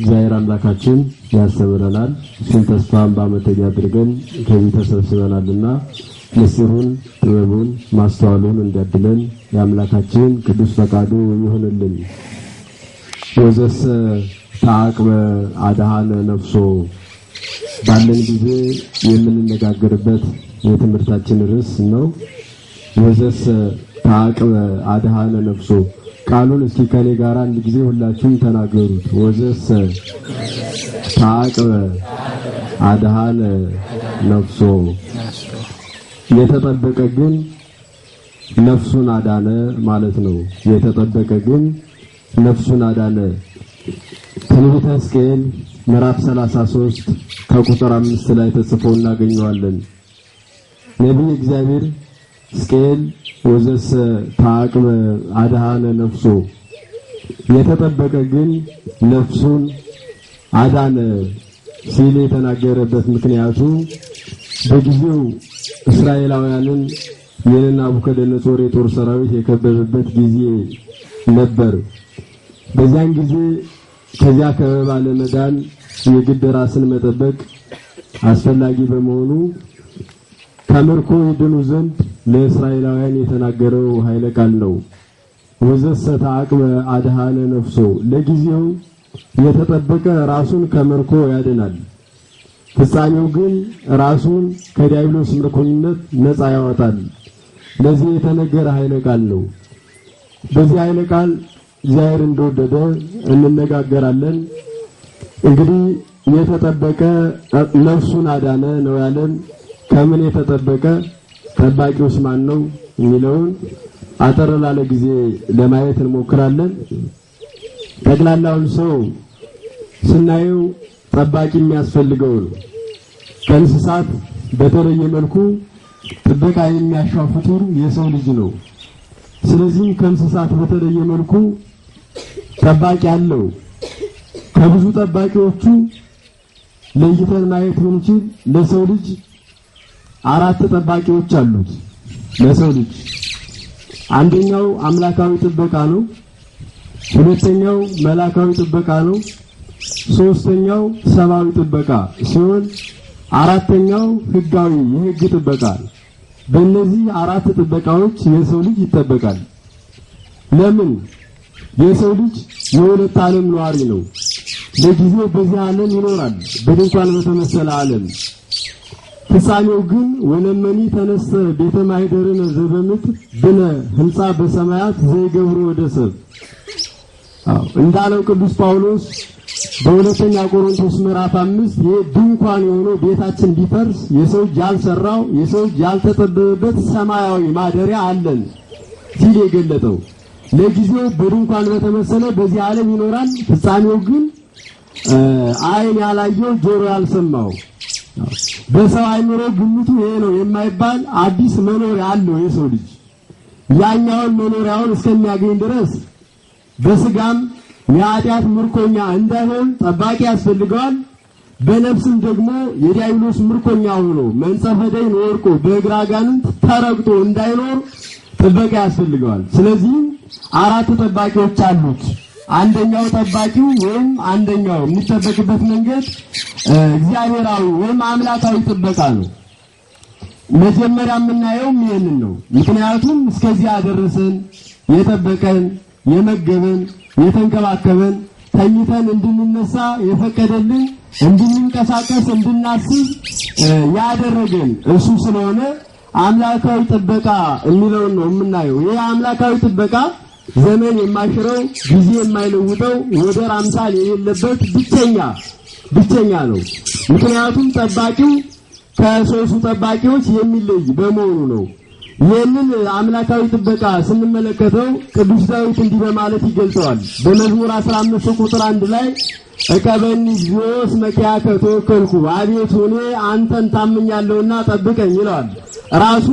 እግዚአብሔር አምላካችን ያሰብረናል። እሱን ተስፋን አድርገን ከዚህ ተሰብስበናልና ምስሩን ጥበቡን ማስተዋሉን እንዲያድለን የአምላካችን ቅዱስ ፈቃዱ ይሁንልን። ወዘሰ ተአቅበ አድሃነ ነፍሶ ባለን ጊዜ የምንነጋገርበት የትምህርታችን ርዕስ ነው። ወዘሰ ተአቅበ አድሃነ ነፍሶ ቃሉን እስኪ ከኔ ጋር አንድ ጊዜ ሁላችሁም ተናገሩት። ወዘሰ ታቅበ አድሃነ ነፍሶ፣ የተጠበቀ ግን ነፍሱን አዳነ ማለት ነው። የተጠበቀ ግን ነፍሱን አዳነ። ትንቢተ ሕዝቅኤል ምዕራፍ 33 ከቁጥር አምስት ላይ ተጽፎ እናገኘዋለን። ነቢይ እግዚአብሔር ሕዝቅኤል ወዘሰ ታቅበ አድሃነ ነፍሶ የተጠበቀ ግን ነፍሱን አዳነ ሲል የተናገረበት ምክንያቱ በጊዜው እስራኤላውያንን የናቡከደነጾር የጦር ሰራዊት የከበበበት ጊዜ ነበር። በዚያን ጊዜ ከዚያ ከበባ ለመዳን የግድ ራስን መጠበቅ አስፈላጊ በመሆኑ ከምርኮ ይድኑ ዘንድ ለእስራኤላውያን የተናገረው ኃይለ ቃል ነው። ወዘሰተ አቅበ አድሃነ ነፍሶ ለጊዜው የተጠበቀ ራሱን ከምርኮ ያድናል። ፍጻሜው ግን ራሱን ከዲያብሎስ ምርኮኝነት ነፃ ያወጣል። ለዚህ የተነገረ ኃይለ ቃል ነው። በዚህ ኃይለ ቃል እግዚአብሔር እንደወደደ እንነጋገራለን። እንግዲህ የተጠበቀ ነፍሱን አዳነ ነው ያለን። ከምን የተጠበቀ ጠባቂውስ ማን ነው የሚለውን አጠር ላለ ጊዜ ለማየት እንሞክራለን። ጠቅላላውን ሰው ስናየው ጠባቂ የሚያስፈልገው ነው። ከእንስሳት በተለየ መልኩ ጥበቃ የሚያሻው ፍጡር የሰው ልጅ ነው። ስለዚህም ከእንስሳት በተለየ መልኩ ጠባቂ አለው። ከብዙ ጠባቂዎቹ ለይተን ማየት ምንችል ለሰው ልጅ አራት ጠባቂዎች አሉት ለሰው ልጅ። አንደኛው አምላካዊ ጥበቃ ነው። ሁለተኛው መላካዊ ጥበቃ ነው። ሶስተኛው ሰብአዊ ጥበቃ ሲሆን አራተኛው ህጋዊ የህግ ጥበቃ። በእነዚህ አራት ጥበቃዎች የሰው ልጅ ይጠበቃል። ለምን? የሰው ልጅ የሁለት ዓለም ነዋሪ ነው። ለጊዜው በዚህ ዓለም ይኖራል፣ በድንኳን በተመሰለ ዓለም ፍጻሜው ግን ወለመኒ ተነስተ ቤተ ማኅደርነ ዘበምት ብነ ህንፃ በሰማያት ዘይገብሮ ወደ ሰብ እንዳለው ቅዱስ ጳውሎስ በሁለተኛ ቆሮንቶስ ምዕራፍ አምስት ይህ ድንኳን የሆነው ቤታችን ቢፈርስ የሰው እጅ ያልሰራው የሰው እጅ ያልተጠበበበት ሰማያዊ ማደሪያ አለን ሲል የገለጠው ለጊዜው በድንኳን በተመሰለ በዚህ ዓለም ይኖራል። ፍጻሜው ግን ዓይን ያላየው ጆሮ ያልሰማው በሰው አይምሮ ግምቱ ይሄ ነው የማይባል አዲስ መኖሪያ አለው የሰው ልጅ። ያኛውን መኖሪያውን እስከሚያገኝ ድረስ በስጋም የኃጢአት ምርኮኛ እንዳይሆን ጠባቂ ያስፈልገዋል። በነፍስም ደግሞ የዲያብሎስ ምርኮኛ ሆኖ መንጸፈደይ ወርቆ በእግራጋን አጋንንት ተረግጦ እንዳይኖር ጥበቃ ያስፈልገዋል። ስለዚህ አራት ጠባቂዎች አሉት። አንደኛው ጠባቂው ወይም አንደኛው የሚጠበቅበት መንገድ እግዚአብሔራዊ ወይም አምላካዊ ጥበቃ ነው። መጀመሪያ የምናየውም ይህንን ነው። ምክንያቱም እስከዚህ ያደረሰን የጠበቀን፣ የመገበን፣ የተንከባከበን ተኝተን እንድንነሳ የፈቀደልን እንድንንቀሳቀስ እንድናስብ ያደረገን እሱ ስለሆነ አምላካዊ ጥበቃ የሚለውን ነው የምናየው። ይህ አምላካዊ ጥበቃ ዘመን የማይሽረው ጊዜ የማይለውጠው ወደር አምሳል የሌለበት ብቸኛ ብቸኛ ነው። ምክንያቱም ጠባቂው ከሶስቱ ጠባቂዎች የሚለይ በመሆኑ ነው። ይህንን አምላካዊ ጥበቃ ስንመለከተው ቅዱስ ዳዊት እንዲህ በማለት ይገልጸዋል። በመዝሙር 15 ቁጥር አንድ ላይ እቀበኒ እግዚኦ እስመ ኪያከ ተወከልኩ፣ አቤቱ እኔ አንተን ታምኛለሁና ጠብቀኝ ይለዋል ራሱ